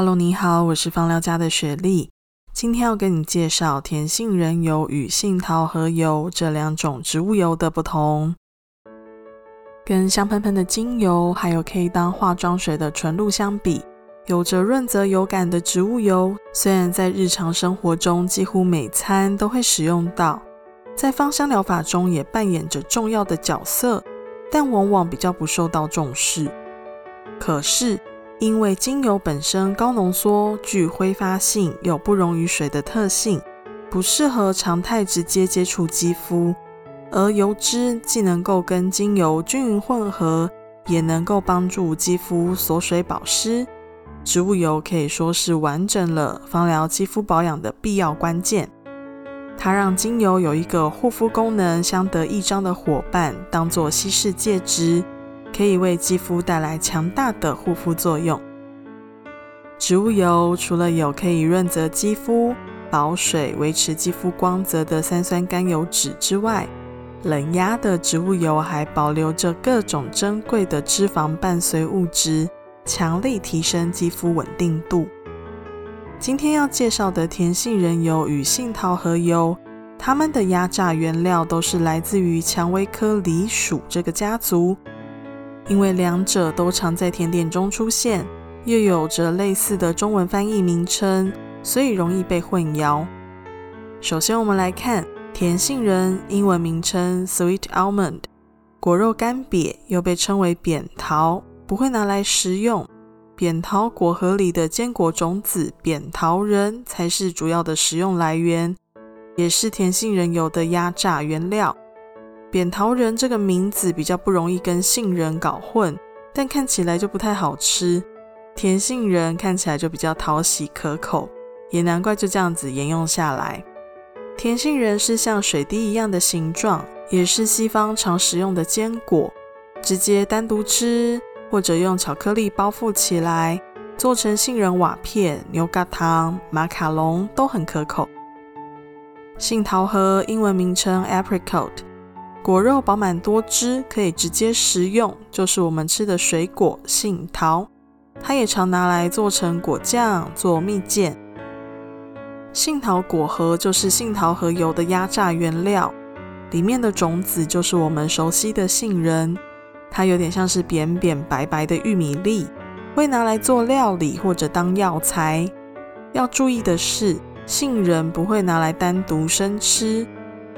Hello，你好，我是芳療家的雪莉。今天要跟你介紹甜杏仁油與杏桃核油這兩種植物油的不同。跟香噴噴的精油，還有可以當化妝水的純露相比，有着潤澤油感的植物油，雖然在日常生活中幾乎每餐都會使用到，在芳香療法中也扮演着重要的角色，但往往比較不受到重視。可是，因為精油本身高濃縮、具揮發性、有不溶於水的特性，不適合常態直接接觸肌膚，而油脂既能夠跟精油均勻混合，也能夠幫助肌膚鎖水保濕。植物油可以說是完整了芳療肌膚保養的必要關鍵，它讓精油有一個護膚功能相得益彰的夥伴，當作稀釋介質。可以為肌膚帶來強大的護膚作用。植物油除了有可以潤澤肌膚、保水、維持肌膚光澤的三酸甘油酯之外，冷壓的植物油還保留着各種珍貴的脂肪伴隨物質，強力提升肌膚穩定度。今天要介紹的甜杏仁油與杏桃核油，它們的壓榨原料都是來自於薔薇科李屬這個家族。因為兩者都常在甜點中出現，又有着類似的中文翻譯名稱，所以容易被混淆。首先，我們來看甜杏仁，英文名稱 Sweet Almond，果肉乾癟，又被稱為扁桃，不會拿來食用。扁桃果核裡的堅果種子扁桃仁才是主要的食用來源，也是甜杏仁油的壓榨原料。扁桃仁這個名字比較不容易跟杏仁搞混，但看起來就不太好吃。甜杏仁看起來就比較討喜可口，也難怪就這樣子沿用下來。甜杏仁是像水滴一樣的形狀，也是西方常食用的堅果，直接單獨吃，或者用巧克力包覆起來，做成杏仁瓦片、牛軋糖、馬卡龍都很可口。杏桃核英文名稱：Apricot。果肉飽滿多汁，可以直接食用，就是我們吃的水果杏桃。它也常拿來做成果醬、做蜜餞。杏桃果核就是杏桃核油的壓榨原料，裡面的種子就是我們熟悉的杏仁。它有點像是扁扁白白的玉米粒，會拿來做料理或者當藥材。要注意的是，杏仁不會拿來單獨生吃。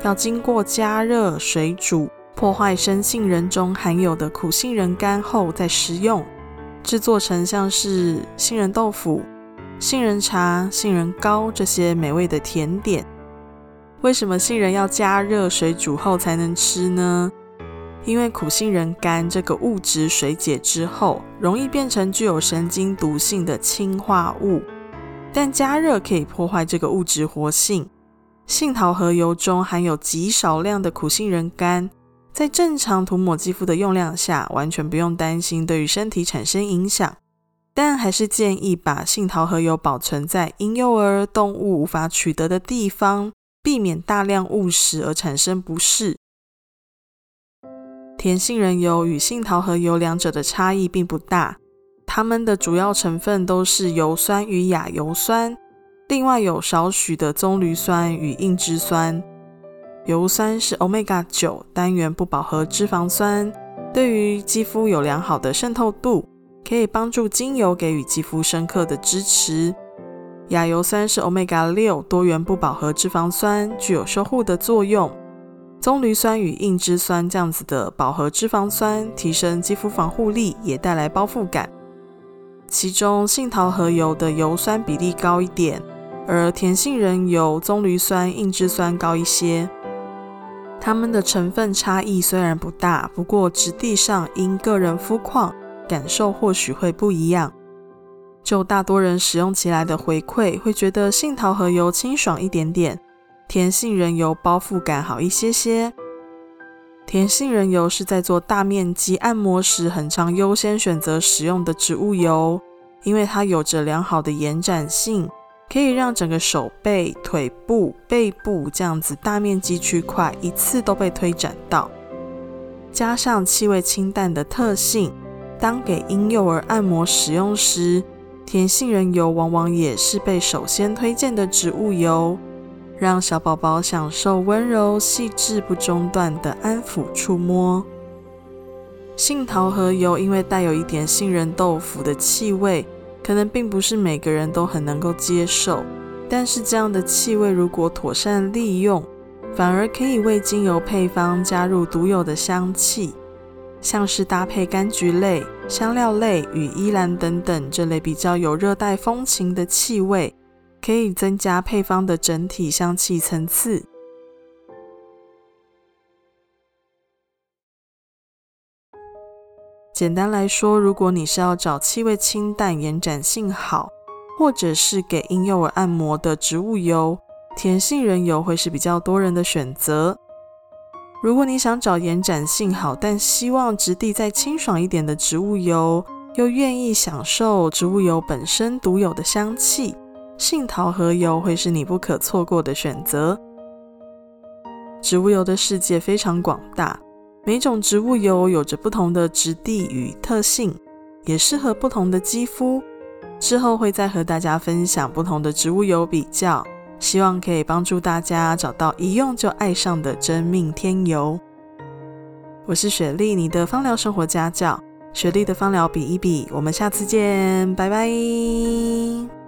要經過加熱水煮，破壞生杏仁中含有的苦杏仁苷後，再食用，制作成像是杏仁豆腐、杏仁茶、杏仁糕這些美味的甜點。為什麼杏仁要加熱水煮後才能吃呢？因為苦杏仁苷這個物質水解之後，容易變成具有神經毒性的氰化物，但加熱可以破壞這個物質活性。杏桃核油中含有極少量的苦杏仁苷，在正常塗抹肌膚的用量下，完全不用擔心對於身體產生影響。但還是建議把杏桃核油保存在嬰幼兒、動物無法取得的地方，避免大量誤食而產生不適。甜杏仁油與杏桃核油兩者的差異並不大，它們的主要成分都是油酸與亞油酸。另外有少許的棕櫚酸與硬脂酸，油酸是 omega 九單元不飽和脂肪酸，對於肌膚有良好的滲透度，可以幫助精油給予肌膚深刻的支持。亞油酸是 omega 六多元不飽和脂肪酸，具有修護的作用。棕櫚酸與硬脂酸這樣子的飽和脂肪酸，提升肌膚防護力，也帶來包覆感。其中杏桃核油的油酸比例高一點。而甜杏仁油、棕櫚酸、硬脂酸高一些。它們的成分差異雖然不大，不過質地上因個人膚況感受或許會不一樣。就大多人使用起來的回饋，會覺得杏桃核油清爽一點點，甜杏仁油包覆感好一些些。甜杏仁油是在做大面積按摩時，很常優先選擇使用的植物油，因為它有着良好的延展性。可以讓整個手背、腿部、背部這樣子大面積區塊一次都被推展到，加上氣味清淡的特性，當給嬰幼兒按摩使用時，甜杏仁油往往也是被首先推薦的植物油，讓小寶寶享受溫柔細緻不中斷的安撫觸摸。杏桃核油因為帶有一點杏仁豆腐的氣味，可能並不是每個人都很能夠接受，但是這樣的氣味如果妥善利用，反而可以為精油配方加入獨有的香氣，像是搭配柑橘類、香料類與依蘭等等這類比較有熱帶風情的氣味，可以增加配方的整體香氣層次。簡單來說，如果你是要找氣味清淡、延展性好，或者是給嬰幼兒按摩的植物油，甜杏仁油會是比較多人的選擇。如果你想找延展性好，但希望質地再清爽一點的植物油，又願意享受植物油本身獨有的香氣，杏桃核油會是你不可錯過的選擇。植物油的世界非常廣大。每種植物油有着不同的質地與特性，也適合不同的肌膚。之後會再和大家分享不同的植物油比較，希望可以幫助大家找到一用就愛上的真命天油。我是雪莉，你的芳療生活家教。雪莉的芳療比一比，我們下次見，拜拜。